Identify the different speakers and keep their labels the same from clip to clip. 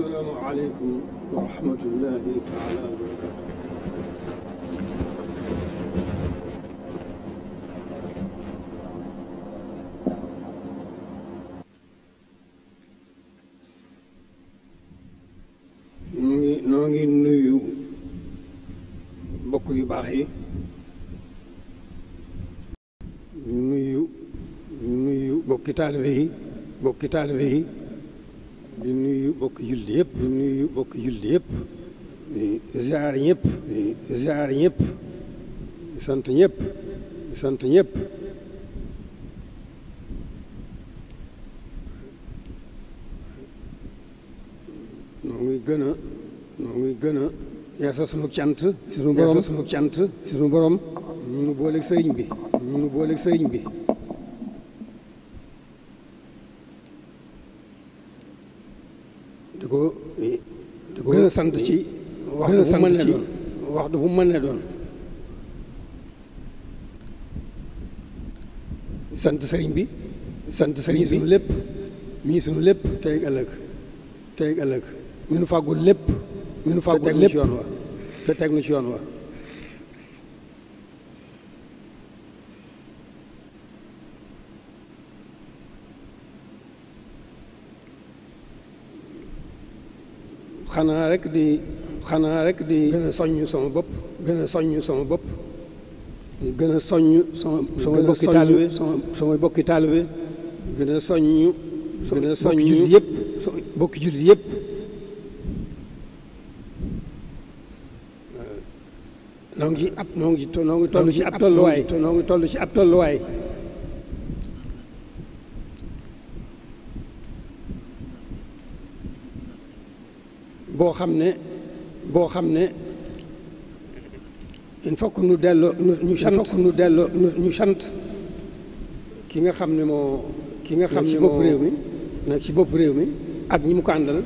Speaker 1: assalaamu aleykum wa rahmatullahi taala wa barakaatu ñu ngi noo mbokk yu baax yi nuyu nuyu bokki taalibe yi bokki taalibe yi di nuyu bokk julli yëpp di nuyu bokk julli yëpp di ziar ñëpp di ziar ñëpp di sant ñëpp di sant ñëpp noo ngi gën a noo ngi gën a yeesa sunu cant sunu borom yeesa sunu cant sunu borom ñu nu booleeg sëriñ bi nu booleeg sëriñ bi sant ci wax bu mën wax bu mën ne doon sant sëriñ bi sant sëriñ sunu lépp mii sunu lépp tey ëllëg tey ëllëg mi nu fàggul lépp mi nu fàggul lépp te teg nu ci yoon wa xanaa rek di xanaa rek di gën a soññ sama bopp gën a soññ sama bopp gën a soññ sama sama bokki taalibe sama sama bokki taalibe gën a soññ gën a soññ bokki jullit yëpp bokki jullit noo ngi ab noo ngi noo toll ci ab tolluwaay toll ci ab tolluwaay boo xam ne boo xam ne il faut que nu delloo ñu sant il faut que nu delloo ñu sant ki nga xam ne moo ki nga xam ne moo bopp réew mi nag ci bopp réew mi ak ñi mu ko àndal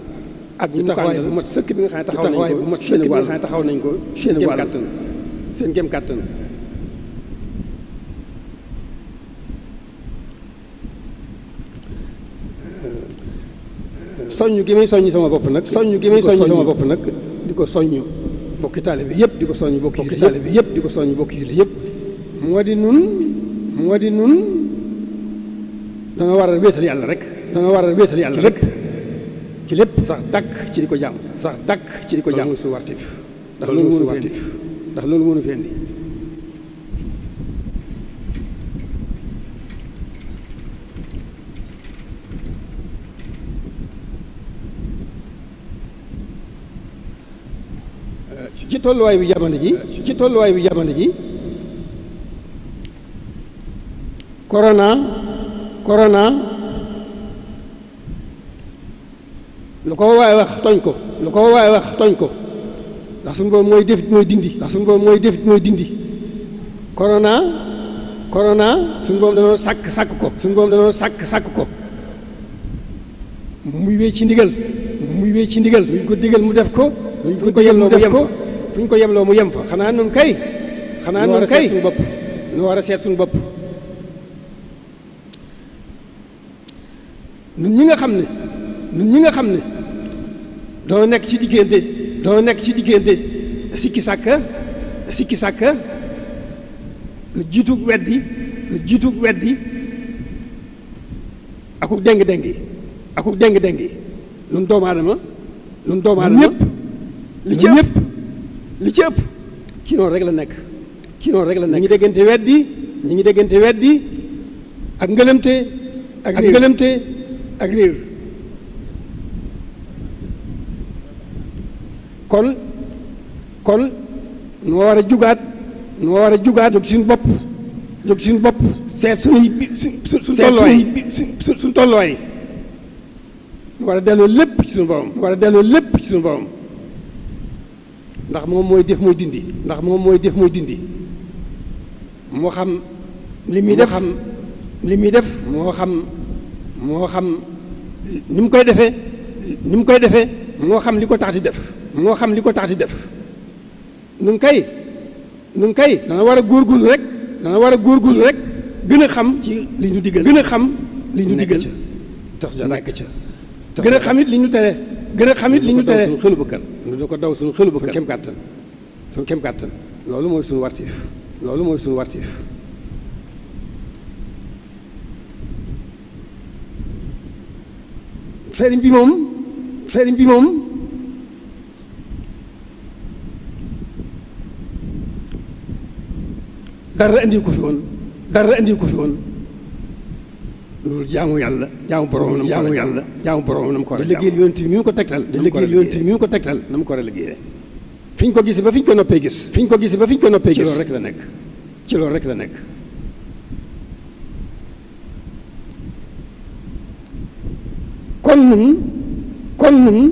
Speaker 1: ak ñi mu ko àndal bu mat sëkk bi nga xam ne taxaw nañ ko bu mat sëkk bi nga xam ne taxaw nañ ko seen wàll seen gem kàttan soññ ki may soññ sama bopp nag soññ ki may soññ sama bopp nag di ko soññ bokki taalibe yëpp di ko soññ bokki taalibe yëpp di ko soññ bokki julli yëpp moo di nun moo di nun danga war a wéetal yàlla rek danga war a wéetal yàlla rek ci lépp sax dàkk ci di ko jàmm sax dàkk ci di ko jàmm su wartif ndax loolu mënu fi indi ndax loolu mënu fi indi ci tolluwaay bi jamono ji ci tolluwaay bi jamono ji korona korona lu ko waay toñ ko lu ko waay toñ ko ndax suñu boobu mooy def mooy dindi ndax suñu mooy def mooy dindi korona korona su boobu danoo sàkk sakk ko su boobu danoo sàkk sàkk ko muy wéy ci ndigal muy wéy ci ndigal luñ ko digal mu def ko fuñ ko yemloo mu yem fa fuñ ko yemloo mu yem fa xanaa noon kay xanaa nun kay a seet suñu bopp nun ñi nga xam ne nun ñi nga xam ne doo nekk ci diggante doo nekk ci diggante sikki sàkk sikki sàkk jiitu weddi jiitu weddi akuk déng déng yi akuk déng déng yi nun doomu aadama nun doomu li ci ëpp li ci ëpp ci noonu rek la nekk ci noonu rek la nekk ñu ngi déggante weddi ñu ngi déggante weddi ak ngëlëmte ak ngëlëmte ak réer kon kon nu war a jugaat nu war a jugaat jóg suñu bopp jóg suñu bopp seet suñuy suñu tolluwaay suñu tolluwaay nu war a delloo lépp ci suñu borom nu war a delloo lépp ci suñu borom ndax moom mooy def mooy dindi ndax moom mooy def mooy dindi moo xam li muy def moo xam li muy def moo xam moo xam ni mu koy defee ni mu koy defe moo xam li ko tax di def moo xam li ko tax di def nun kay nun kay dana war a góor góorgóorlu rek dana war a góor góorgóorlu rek gën a xam ci li ñu diggal gën a xam li ñu diggal tax ca nekk ca gën a xam it li ñu tere gën a xam it li ñu tere xelu bëkkan nu du ko daw suñu xelu bëgg kem kàtt suñu kem kàttan loolu mooy suñu wartiif loolu mooy suñu wartiif feriñ bi moom sëriñ bi moom dara indi fi woon dara indi ko fi woon loolu jaamu yàlla jaamu borom jaamu yàlla jaamu borom na mu ko war a liggéeyal yonent bi mi mu ko tegtal da liggéeyal yonent bi mi mu ko tegtal na mu ko war a liggéeyee fi ñu ko gis ba fi ñu ko noppee gis fi ñu ko gis ba fi ñu ko noppee gis ci loolu rek la nekk ci loolu rek la nekk kon nun kon nun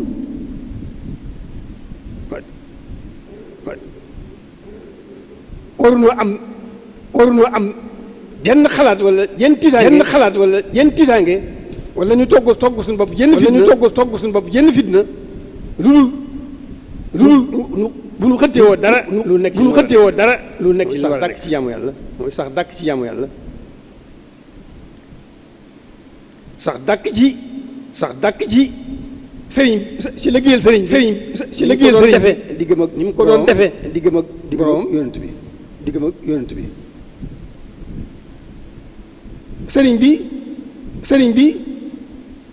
Speaker 1: waruñoo am waruñoo am jenn xalaat wala jenn tiitaange jenn xalaat wala jenn tiitaange wala ñu togg togg suñu bopp jenn fitna wala ñu togg togg suñu bopp jenn fitna lu dul lu dul bu ñu xëttee woo dara lu nekk bu ñu xëttee woo dara lu nekk ci sax dàkk ci jaamu yàlla mooy sax dàkk ci jaamu yàlla sax dàkk ci sax dàkk ci sëriñ si liggéeyal sëriñ sëriñ si liggéeyal sëriñ defee diggam ak ni mu ko doon defee diggam ak diggam ak yonent bi diggam ak yonent bi sëriñ bi sëriñ bi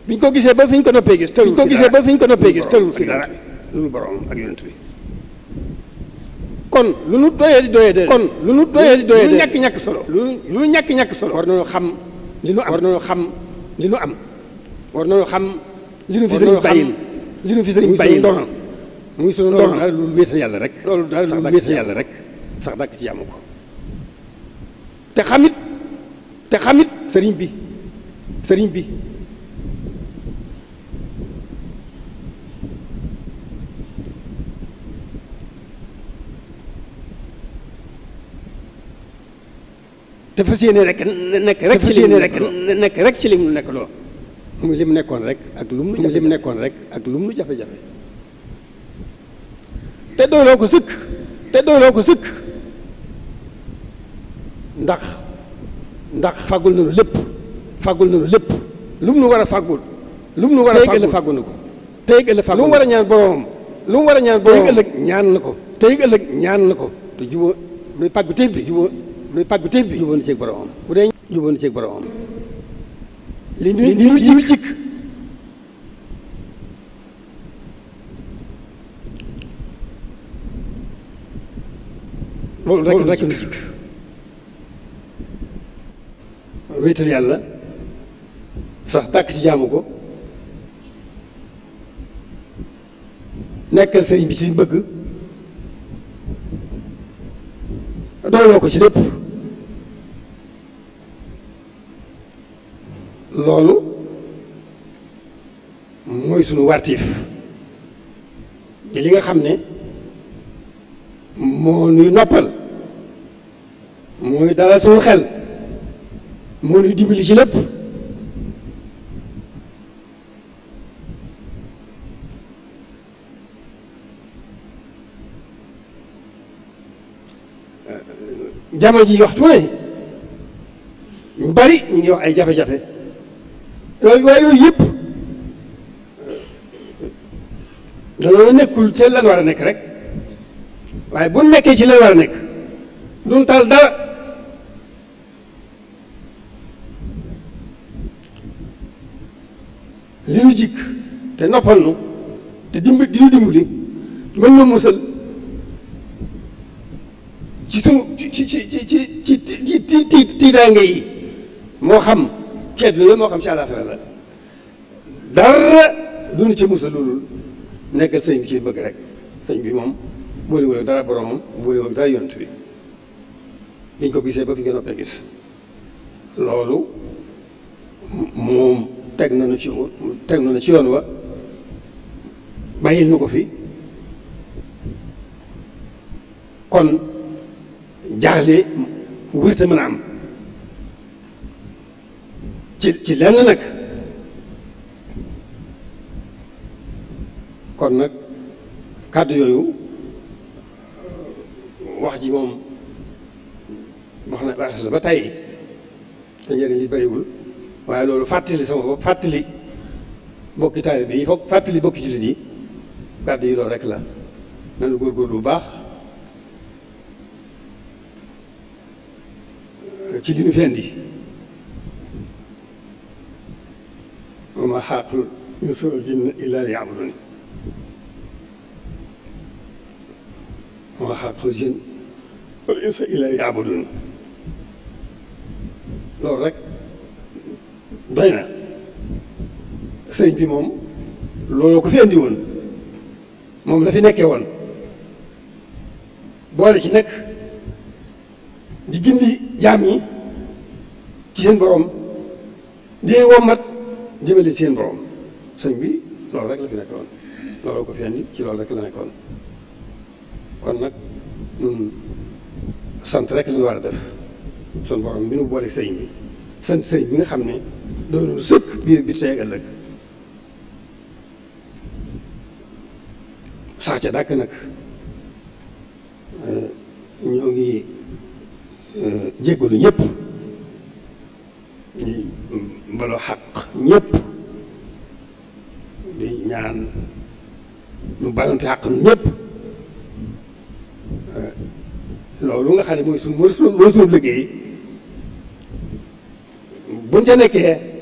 Speaker 1: biñ ko gisee ba fi ñu ko noppee gis. tëruwul fi ko gisee ba fi ñu ko noppee gis tëruwul fi dara ak yonent bi. kon lu nu doyee di doyee de. kon lu nu doyee di doyee de lu ñàkk ñàkk solo. lu lu ñàkk ñàkk solo. war nañoo xam li nu am war nañoo xam li nu am. war nañoo xam li nu fi sëriñ bàyyil li nu fi sëriñ bàyyil muy sunu ndono daal lu rek. loolu daal lu wéetal yàlla rek sax dàkk ci yàmm ko te xamit te xamit sëriñ bi sëriñ bi te fas yéene rek nekk rek fas yéene rek nekk rek ci li mu nekk loo mu li mu nekkoon rek ak lu mu li mu nekkoon rek ak lu mu jafe-jafe te doyloo ko sëkk te doyloo ko sëkk ndax ndax fàggul na lu lépp fàggul na lu lépp lu mu nu war a fàggul lu mu nu war a fàggul fàggu na ko tey ëllëg fàggul lu mu war a ñaan boromam lu mu war a ñaan boromam tey ëllëg ñaan na ko tey ñaan na ko te jubóo luy pàggu tey bi jubóo luy pàggu tey bi jubóo na ceeg boromam bu dee jubóo na ceeg boromam li ñu li wéetal yàlla sax tàkk ci jaamu ko nekkal sëriñ bi ci bëgg dooloo ko ci lépp loolu mooy sunu wartiif di li nga xam ne moo nuy noppal mooy dalal sunu xel moo nuy dimbali ci lépp jamono ji waxtu ne bari ñu ngi wax ay jafe-jafe yooyu yooyu yëpp danoo nekkul ci lan war a nekk rek waaye bu nekkee ci lan war a nekk duñ tal dara te noppal nu te dimbali di dimbali mën na musal ci sunu ci ci ci ci yi moo xam ci àdduna la moo xam ci àllaaxira la dara duñu ci musal loolu nekkal sëñ bi ci bëgg rek sëñ bi moom boolewul dara boromam boolewul dara yont bi biñ ko gisee ba fi nga noppee gis loolu moom teg nañu ci teg nañu ci yoon wa bàyyil na ko fi kon jaaxle wërta mën a am ci ci lenn nag kon nag kàddu yooyu wax ji moom wax na wax ba tey te njëriñ yi bariwul waaye loolu fàttali sama bopp fàttali bokki taalibe yi foog fàttali bokki jullit yi kàddu yi loolu rek la nanu góorgóorlu bu baax euh, ci li ñu fi indi wa ma xalaqtul insa wal jinna illa liya'budun wa ma xalaqtul jinna wal insa illa liya'budun loolu rek doy na sëñ bi moom looloo ko fi indi woon moom la fi nekkee woon boole ci nag di gindi jaam ñi ci seen borom di wommat jëmale ci seen borom sëñ bi loolu rek la fi nekkoon loolu ko fi andi ci loolu rek la nekkoon kon nag ñun sant rek lañu war a def suñu borom bi nu boole sëñ bi sant sëñ bi nga xam ne loolu sëkk biir bi tey ëllëg sax ca dàkk nag euh, ñoo ngi euh, jéggalu ñëpp mbaloo xaq ñëpp di ñaan ñu balonte xaq ñëpp euh, loolu nga xam ne mooy suñu mooy suñu liggéey buñ ca nekkee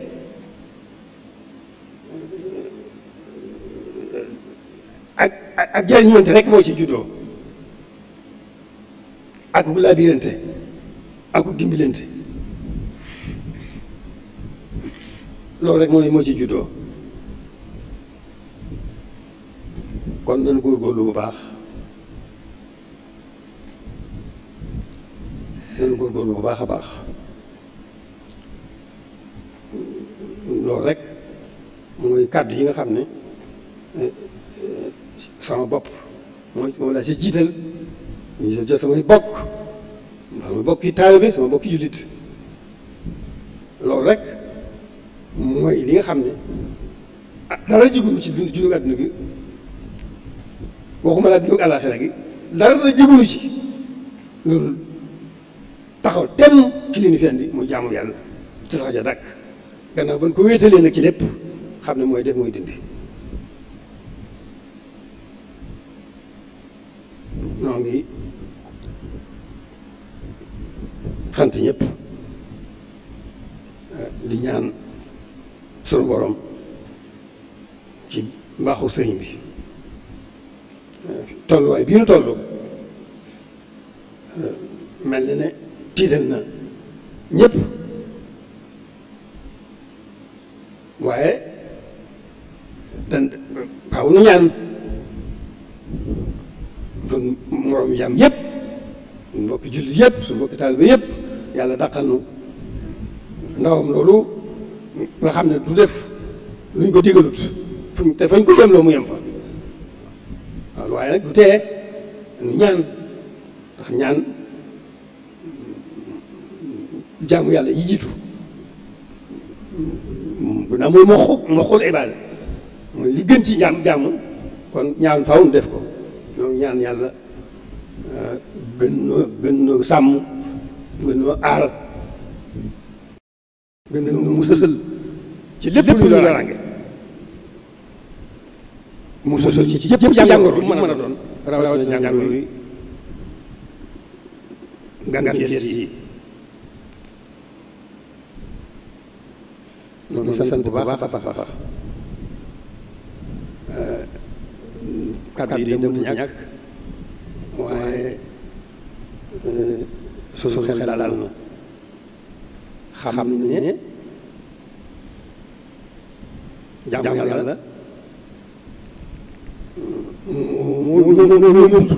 Speaker 1: feeñuwante rek moo ci juddoo ak bu laabirante loolu rek moo ne moo ci juddoo kon nañu góorgóorlu bu baax nañu góorgóorlu bu baax a baax loolu rek mooy kàddu yi nga xam ne sama bopp moo moom laa si jiital ñu jël samay bokk sama bokki taalibe sama bokki jullit loolu rek mooy li nga xam ne ah, dara jigunu ci dund dund àdduna gi waxuma laa dund àllaaxira gi dara jigunu ci loolu taxaw tem ci li di fi andi muy jaamu yàlla te ja dàkk gannaaw ba ko wéetalee nag ci lépp xam ne mooy def mooy dindi ñoo ngi sant ñëpp eh, di ñaan sunu borom ci mbaaxu bi eh, tolluwaay bii nu toll eh, mel ni ne tiital na ñëpp waaye dan baaw ñaan suñu moroom jàmm yëpp suñu mbokki jullit yëpp suñu mbokki taalibe yëpp yàlla daqal nu ndawam loolu nga xam ne du def luñ ko digalut fuñ te fañ ko jëm loo mu yem fa waaw waaye du tee ñaan ndax ñaan jaamu yàlla yi jiitu na mooy ma xo ma xool ibaada li gën ci jaam jaamu kon ñaan faw nu def ko ñaan yàlla euh, gën noo gën noo sàmm gën noo aar gën noo musasal ci lépp luy loraange musasal ci yëpp jàngoro man a doon rawatina jàngoro yi gan yees yi noonu sant bu baax kàddu yi de mënut a ñàkk waaye euh, suñu xel daal na xam ne jàmm yàlla moo moo yombul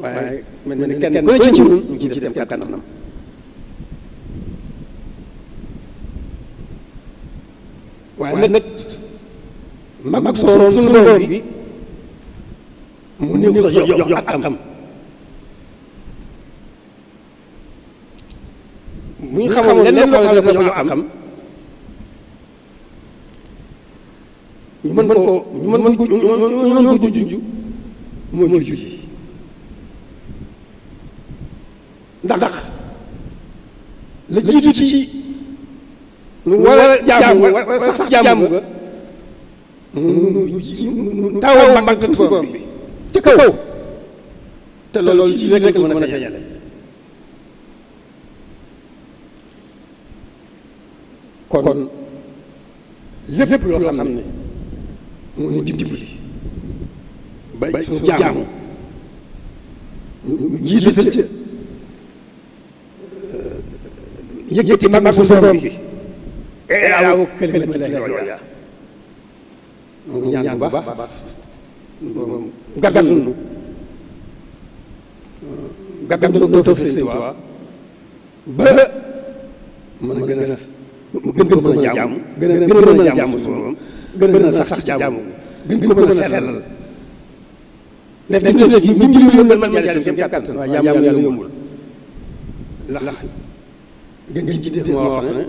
Speaker 1: waaye mel na ni kenn ku ne ci ñun ñu ngi ciy def kàttanam waaye nag mag mag soo suñu borom bi mu néew sax jox jox ak xam bu ñu xamoon lenn loo xam ne dafa jox ak xam ñu mën koo ñu mën mën ko ñu mën ko junj mooy mooy julli ndax ndax la jiitu ci lu war a jaamu sax jaamu nga taw màgg tubaab bi ci kaw te loolu ci rek la mën a feeñale kon lépp loo xam ne moo ñu dimbali ba suñu jaamu jiital ca yëkkati mag su borom bi e aw këlima la ñaan bu baax gàggandu gàggandu doo toog sëñ Tuubaa ba mën a gën a gën ko mën a jaamu gën a gën a mën a jaamu suñu borom gën a sax ci jaamu gën ko mën a sellal def def def ci ñu julli mën mën jaamu jaamu yombul ndax gën ci def moo wax ne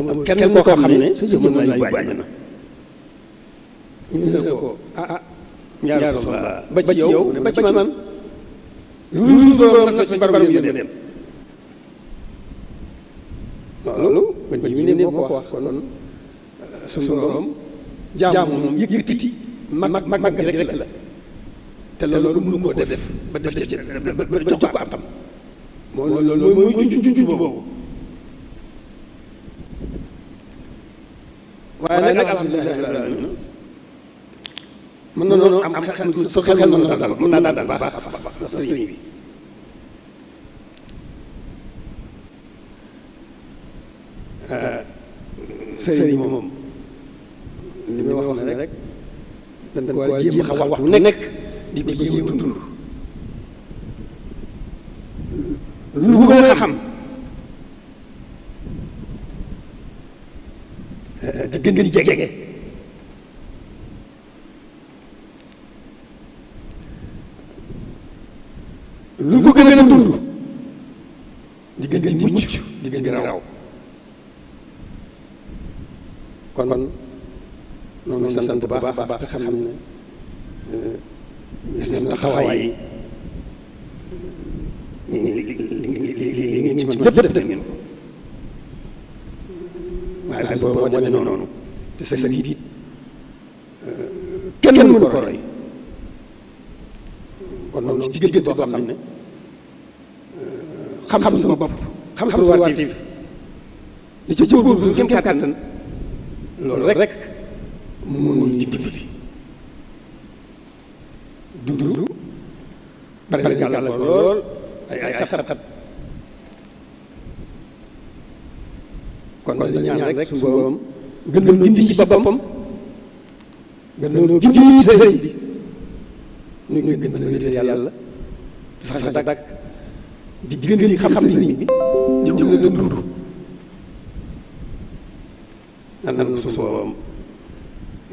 Speaker 1: amul moo koo xam ne sa jëmm mën naa yóbbu àjjana ñu ne ko ah ah
Speaker 2: ñaar soxla ba ci yow ba ci man lu dul soo mas ci barab yu dem
Speaker 1: loolu moo ko wax kon suñu borom jaamu mag mag mag rek la te loolu mënu koo def ba def ba jox ko am xam mooy loolu mooy mooy junj junj boobu waaye nag alhamdulilah rabbil alamin na noonu am xel su xel mën na dal mën naa dal baax a baax ndax sëriñ bi euh, sëriñ moom li muy wax ne rek dañ ko war a jéem wax lu nekk di ko jéem a dund lu xam gën ngeen jege lu ko gën a dund di gën ngeen di mucc di gën ngeen raw kon kon noonu sant bu baax a baax te xam ne eh, gis nañ taxawaay yi li ngeen ci mën lépp def ngeen ko waaye boobu wane noonu te sa sëriñ it kenn mënu ko roy kon noonu ci diggante a xam ne xam sama bopp xam sama wartif li ci góorgóorlu suñu kéem lool ay ay xat-xat kon dañu ñaan rek suñu borom gën a gindi ci boppam gën a gindi ci sëriñ bi ñu ngi gën a wéetal yàlla di sax dàq di gën di xam sëriñ bi di ko gën a dund anam su boobam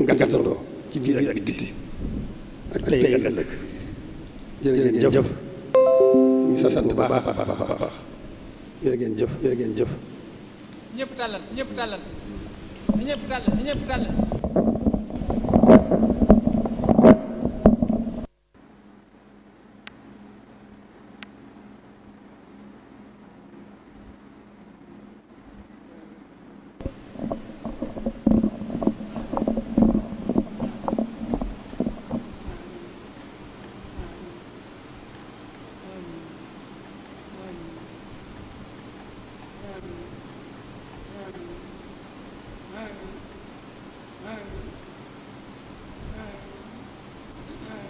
Speaker 1: nga gàttandoo ci biir ak bitti ak tey ak ëllëg jërë jëf ñu sant bu baax baax baax jërë ngeen jëf jërë ngeen jëf tàllal ñëpp tàllal ñëpp tàll ñëpp tàll amiin amiin amiin